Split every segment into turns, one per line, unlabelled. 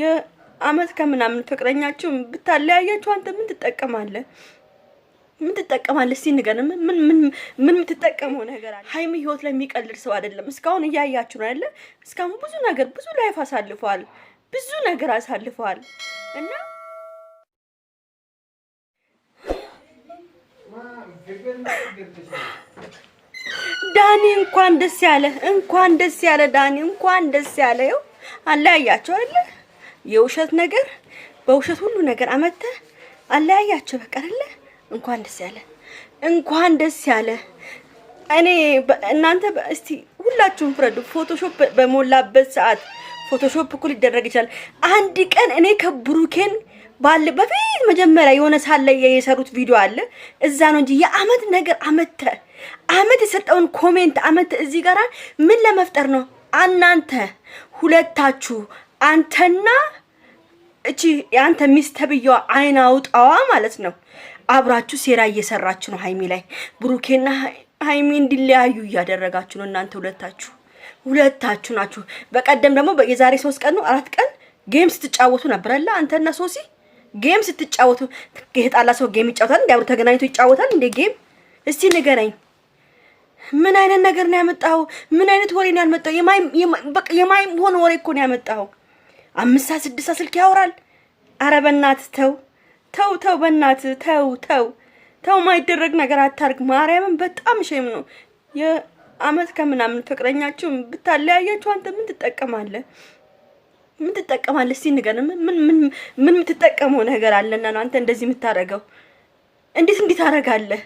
የአመት ከምናምን ፍቅረኛችሁ ብታለያያችሁ አንተ ምን ትጠቀማለህ? ምን ትጠቀማለህ? እስቲ ንገር። ምን ምን ምን የምትጠቀመው ነገር አለ? ሀይሚ ህይወት ላይ የሚቀልድ ሰው አይደለም። እስካሁን እያያችሁ ነው አይደለ? እስካሁን ብዙ ነገር ብዙ ላይፍ አሳልፈዋል፣ ብዙ ነገር አሳልፈዋል እና ዳኒ እንኳን ደስ ያለ እንኳን ደስ ያለ ዳኒ እንኳን ደስ ያለ። ይኸው አለያያቸው አለ የውሸት ነገር በውሸት ሁሉ ነገር አመተ አለያያቸው። በቀርለ እንኳን ደስ ያለ፣ እንኳን ደስ ያለ። እኔ እናንተ እስቲ ሁላችሁም ፍረዱ። ፎቶሾፕ በሞላበት ሰዓት ፎቶሾፕ እኮ ሊደረግ ይችላል። አንድ ቀን እኔ ከብሩኬን ባለ በፊት መጀመሪያ የሆነ ላይ የሰሩት ቪዲዮ አለ እዛ ነው እንጂ የአመት ነገር አመተ አመት የሰጠውን ኮሜንት አመት እዚህ ጋር ምን ለመፍጠር ነው? እናንተ ሁለታችሁ አንተና እቺ የአንተ ሚስት ተብዬዋ አይን አውጣዋ ማለት ነው። አብራችሁ ሴራ እየሰራችሁ ነው። ሀይሚ ላይ ብሩኬና ሀይሚ እንዲለያዩ እያደረጋችሁ ነው። እናንተ ሁለታችሁ ሁለታችሁ ናችሁ። በቀደም ደግሞ የዛሬ ሶስት ቀን ነው አራት ቀን ጌም ስትጫወቱ ነበረላ አንተና ሶሲ ጌም ስትጫወቱ። የጣላ ሰው ጌም ይጫወታል እንዲ አብሮ ተገናኝቶ ይጫወታል እንዴ ጌም? እስቲ ንገረኝ። ምን አይነት ነገር ነው ያመጣው? ምን አይነት ወሬ ነው ያመጣው? ሆነ ወሬ እኮ ነው ያመጣው። አምስት ሰዓት ስድስት ስልክ ያወራል። አረ በእናት ተው ተው ተው፣ በእናት ተው ተው ተው፣ ማይደረግ ነገር አታርግ። ማርያምን በጣም ሸም ነው። የአመት ከምናምን ፍቅረኛችሁ ብታለያያችሁ አንተ ምን ትጠቀማለህ? ምን ትጠቀማለህ? እስቲ ንገር። ምን ምን ምን የምትጠቀመው ነገር አለና ነው አንተ እንደዚህ የምታረገው? እንዴት እንዴት ታረጋለህ?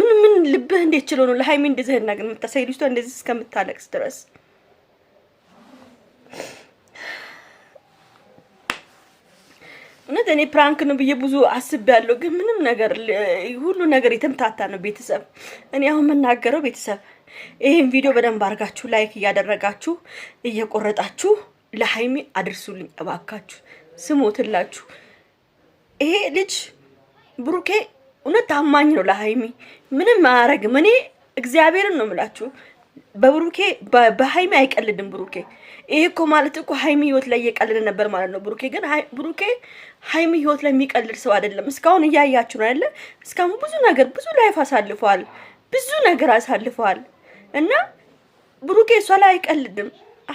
ምን ምን ልብህ እንዴት ችሎ ነው ለሃይሚ እንደዚህ ነገር የምታሳይ ልጅቷ እንደዚህ እስከምታለቅስ ድረስ እውነት እኔ ፕራንክ ነው ብዬ ብዙ አስቤያለሁ፣ ግን ምንም ነገር ሁሉ ነገር የተምታታ ነው። ቤተሰብ እኔ አሁን የምናገረው ቤተሰብ ይህን ቪዲዮ በደንብ አድርጋችሁ ላይክ እያደረጋችሁ እየቆረጣችሁ ለሀይሚ አድርሱልኝ እባካችሁ፣ ስሞትላችሁ። ይሄ ልጅ ብሩኬ እውነት ታማኝ ነው ለሀይሚ ምንም አያረግም። እኔ እግዚአብሔርን ነው የምላችሁ። በብሩኬ በሀይሚ አይቀልድም። ብሩኬ ይሄ እኮ ማለት እኮ ሀይሚ ህይወት ላይ እየቀልድ ነበር ማለት ነው። ብሩኬ ግን ብሩኬ ሀይሚ ህይወት ላይ የሚቀልድ ሰው አይደለም። እስካሁን እያያችሁ ነው ያለ። እስካሁን ብዙ ነገር ብዙ ላይፍ አሳልፈዋል፣ ብዙ ነገር አሳልፈዋል እና ብሩኬ እሷ ላይ አይቀልድም።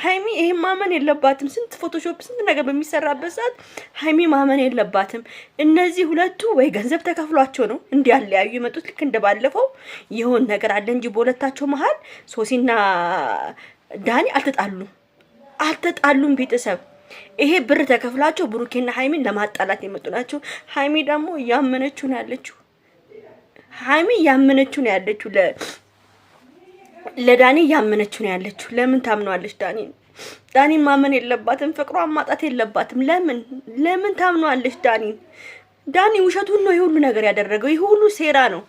ሀይሚ ይሄ ማመን የለባትም። ስንት ፎቶሾፕ ስንት ነገር በሚሰራበት ሰዓት ሀይሚ ማመን የለባትም። እነዚህ ሁለቱ ወይ ገንዘብ ተከፍሏቸው ነው እንዲ ያዩ የመጡት። ልክ እንደባለፈው ይሆን ነገር አለ እንጂ በሁለታቸው መሀል ሶሲና ዳኒ አልተጣሉም፣ አልተጣሉም ቤተሰብ ይሄ ብር ተከፍላቸው ብሩኬና ሀይሚን ለማጣላት የመጡ ናቸው። ሀይሚ ደግሞ እያመነችው ነው ያለችው። ሀይሚ እያመነችው ነው ያለችው ለዳኒ እያመነችው ነው ያለችው። ለምን ታምኗለች? ዳኒ ዳኒ ማመን የለባትም ፍቅሯን ማጣት የለባትም። ለምን ለምን ታምኗለች? ዳኒ ዳኒ ውሸቱን ነው የሁሉ ነገር ያደረገው። ይህ ሁሉ ሴራ ነው።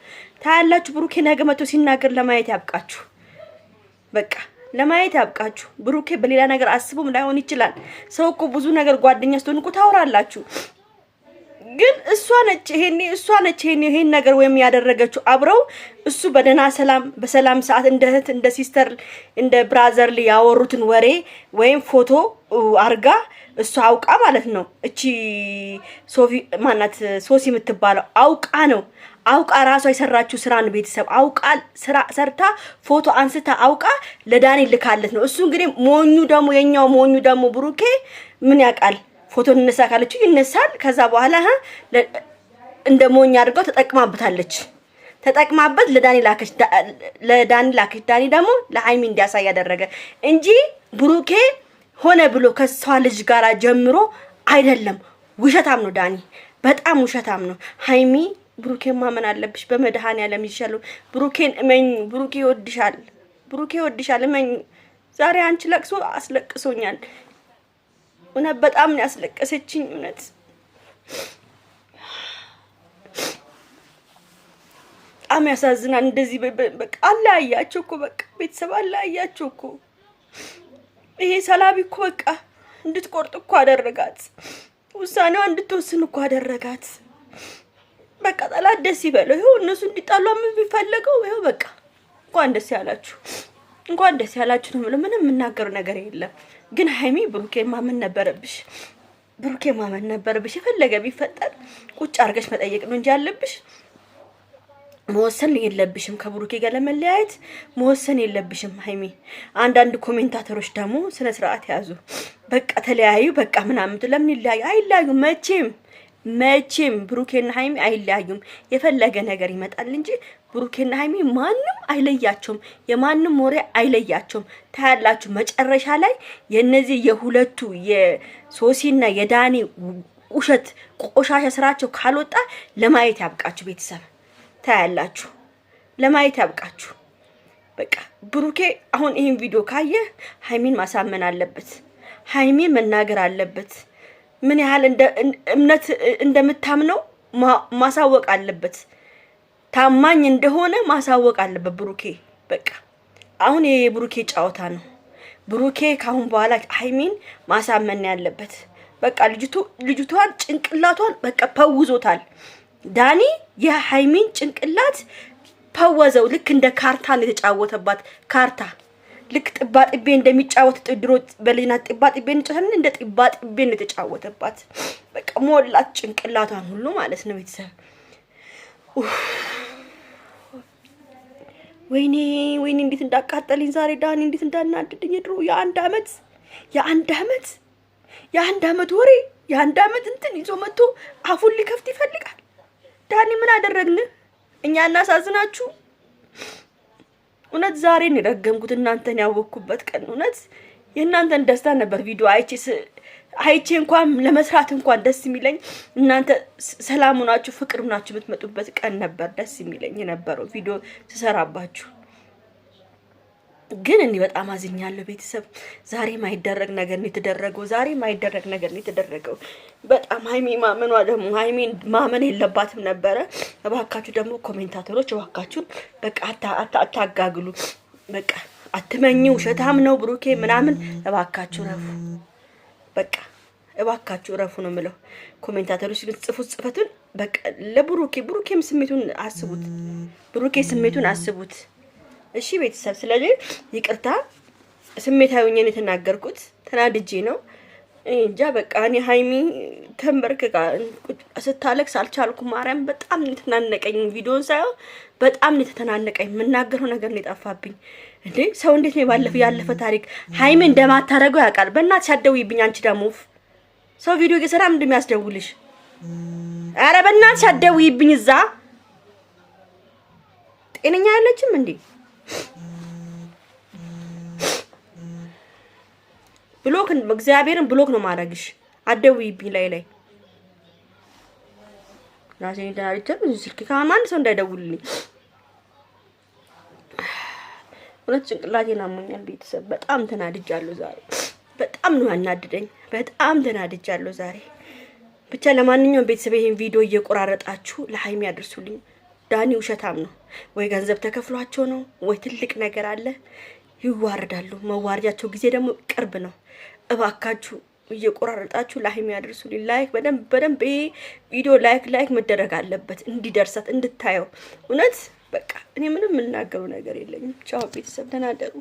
ታያላችሁ። ብሩኬ ነገ መቶ ሲናገር ለማየት ያብቃችሁ። በቃ ለማየት ያብቃችሁ። ብሩኬ በሌላ ነገር አስቦም ላይሆን ይችላል። ሰው እኮ ብዙ ነገር ጓደኛ ስትሆን እኮ ታወራላችሁ። ግን እሷ ነች ይሄኔ እሷ ነች ይሄኔ ይሄን ነገር ወይም ያደረገችው አብረው እሱ በደህና ሰላም በሰላም ሰዓት እንደ እህት እንደ ሲስተር እንደ ብራዘር ያወሩትን ወሬ ወይም ፎቶ አርጋ እሷ አውቃ ማለት ነው። እቺ ሶፊ ማናት ሶሲ የምትባለው አውቃ ነው አውቃ ራሷ የሰራችው ስራ ነው። ቤተሰብ አውቃ ስራ ሰርታ ፎቶ አንስታ አውቃ ለዳኒ ልካለት ነው። እሱ እንግዲህ ሞኙ ደግሞ የኛው ሞኙ ደግሞ ብሩኬ ምን ያውቃል? ፎቶ እንነሳ ካለችው ይነሳል። ከዛ በኋላ እንደ ሞኝ አድርገው ተጠቅማበታለች። ተጠቅማበት ለዳኒ ላከች። ለዳኒ ላከች። ዳኒ ደግሞ ለሀይሚ እንዲያሳይ ያደረገ እንጂ ብሩኬ ሆነ ብሎ ከሷ ልጅ ጋራ ጀምሮ አይደለም። ውሸታም ነው ዳኒ፣ በጣም ውሸታም ነው። ሀይሚ ብሩኬን ማመን አለብሽ። በመድኃኔዓለም ይሻለው። ብሩኬን እመኝ። ብሩኬ ይወድሻል። ብሩኬ ይወድሻል። እመኝ። ዛሬ አንቺ ለቅሶ አስለቅሶኛል። እውነት በጣም ነው ያስለቀሰችኝ። እውነት በጣም ያሳዝናል። እንደዚህ በቃ አለያያቸው እኮ በቃ ቤተሰብ አለያያቸው እኮ ይሄ ሰላቢ እኮ በቃ እንድትቆርጥ እኮ አደረጋት። ውሳኔዋ እንድትወስን እኮ አደረጋት። በቃ ጠላት ደስ ይበለው። ይኸው እነሱ እንዲጣሉ የሚፈለገው ይኸው በቃ እንኳን ደስ ያላችሁ፣ እንኳን ደስ ያላችሁ ነው የምለው። ምንም የምናገረው ነገር የለም። ግን ሀይሚ ብሩኬ ማመን ነበረብሽ። ብሩኬ ማመን ነበረብሽ። የፈለገ ቢፈጠር ቁጭ አድርገሽ መጠየቅ ነው እንጂ አለብሽ መወሰን የለብሽም። ከብሩኬ ጋር ለመለያየት መወሰን የለብሽም ሀይሚ። አንዳንድ ኮሜንታተሮች ደግሞ ስነ ስርዓት ያዙ። በቃ ተለያዩ፣ በቃ ምናምን ለምን ይለያዩ? አይለያዩ መቼም መቼም ብሩኬና ሀይሚ አይለያዩም። የፈለገ ነገር ይመጣል እንጂ ብሩኬና ሀይሚ ማንም አይለያቸውም፣ የማንም ወሬ አይለያቸውም። ታያላችሁ መጨረሻ ላይ የነዚህ የሁለቱ የሶሲና የዳኒ ውሸት ቆሻሻ ስራቸው ካልወጣ ለማየት ያብቃችሁ። ቤተሰብ ታያላችሁ፣ ለማየት ያብቃችሁ። በቃ ብሩኬ አሁን ይህን ቪዲዮ ካየ ሀይሚን ማሳመን አለበት፣ ሀይሚን መናገር አለበት። ምን ያህል እምነት እንደምታምነው ማሳወቅ አለበት። ታማኝ እንደሆነ ማሳወቅ አለበት ብሩኬ። በቃ አሁን የብሩኬ ጨዋታ ነው። ብሩኬ ካሁን በኋላ ሀይሚን ማሳመን ያለበት በቃ ልጅቱ ልጅቷን ጭንቅላቷን በቃ ፈውዞታል። ዳኒ የሀይሚን ጭንቅላት ፈወዘው። ልክ እንደ ካርታ ነው የተጫወተባት ካርታ ልክ ጥባ ጥቤ እንደሚጫወት ጥድሮ በልጅና ጥባ ጥቤ እንጫወታለን። እንደ ጥባ ጥቤ ነው የተጫወተባት። በቃ ሞላት ጭንቅላቷን ሁሉ ማለት ነው ቤተሰብ ወይኔ ወይኔ እንዴት እንዳቃጠልኝ ዛሬ ዳኒ እንዴት እንዳናድድኝ ድሮ የአንድ አመት የአንድ አመት የአንድ አመት ወሬ የአንድ አመት እንትን ይዞ መጥቶ አፉን ሊከፍት ይፈልጋል። ዳኒ ምን አደረግን እኛ? እናሳዝናችሁ። እውነት ዛሬን የረገምኩት እናንተን ያወቅኩበት ቀን እውነት የእናንተን ደስታ ነበር ቪዲዮ አይቼ አይቼ እንኳን ለመስራት እንኳን ደስ የሚለኝ እናንተ ሰላም ናችሁ፣ ፍቅር ናችሁ የምትመጡበት ቀን ነበር ደስ የሚለኝ የነበረው ቪዲዮ ትሰራባችሁ። ግን እኔ በጣም አዝኛለሁ ቤተሰብ። ዛሬ ማይደረግ ነገር ነው የተደረገው። ዛሬ ማይደረግ ነገር ነው የተደረገው። በጣም ሀይሜ ማመኗ ደግሞ ሀይሜን ማመን የለባትም ነበረ። እባካችሁ ደግሞ ኮሜንታተሮች እባካችሁን በቃ አታጋግሉ፣ በቃ አትመኝ፣ ውሸታም ነው ብሩኬ ምናምን፣ እባካችሁ ረፉ። በቃ እባካችሁ እረፉ ነው የምለው። ኮሜንታተሮች ግን ጽፉት ጽፈቱን በቃ ለብሩኬ ብሩኬም ስሜቱን አስቡት። ብሩኬ ስሜቱን አስቡት። እሺ ቤተሰብ፣ ስለዚህ ይቅርታ ስሜታዊ ሆኜ የተናገርኩት። ተናድጄ ነው እንጃ በቃ እኔ ሀይሚ ተንበርክካ ስታለቅስ አልቻልኩ። ማርያም በጣም የተናነቀኝ። ቪዲዮን ሳይሆን በጣም ነው የተናነቀኝ። የምናገረው ነገር ነው የጠፋብኝ። እንዴ ሰው እንዴት ነው ባለፈ ያለፈ ታሪክ ሀይሚ እንደማታደርገው ያውቃል። በእናትሽ አትደውይብኝ። አንቺ ደግሞ ሰው ቪዲዮ እየሰራ ምንድን የሚያስደውልሽ? ኧረ በእናትሽ አትደውይብኝ። እዛ ጤነኛ ያለችም እንዴ? ብሎክ እግዚአብሔርን ብሎክ ነው ማድረግሽ። አትደውይብኝ ላይ ላይ ራሴን ተናግቼ ስልክ ከማን ሰው እንዳይደውልልኝ። እውነት ጭንቅላቴን አሞኛል። ቤተሰብ በጣም ተናድጃለሁ ዛሬ። በጣም ነው ያናድደኝ። በጣም ተናድጃለሁ ዛሬ። ብቻ ለማንኛውም ቤተሰብ ይሄን ቪዲዮ እየቆራረጣችሁ ለሀይሚ ያደርሱልኝ። ዳኒ ውሸታም ነው ወይ ገንዘብ ተከፍሏቸው ነው ወይ ትልቅ ነገር አለ። ይዋረዳሉ። መዋረጃቸው ጊዜ ደግሞ ቅርብ ነው። እባካችሁ እየቆራረጣችሁ ለሀይሚ ያደርሱልኝ። ላይክ በደንብ በደንብ ይሄ ቪዲዮ ላይክ ላይክ መደረግ አለበት እንዲደርሳት እንድታየው። እውነት በቃ እኔ ምንም የምናገረው ነገር የለኝም። ቻው ቤተሰብ፣ ተናደሩ።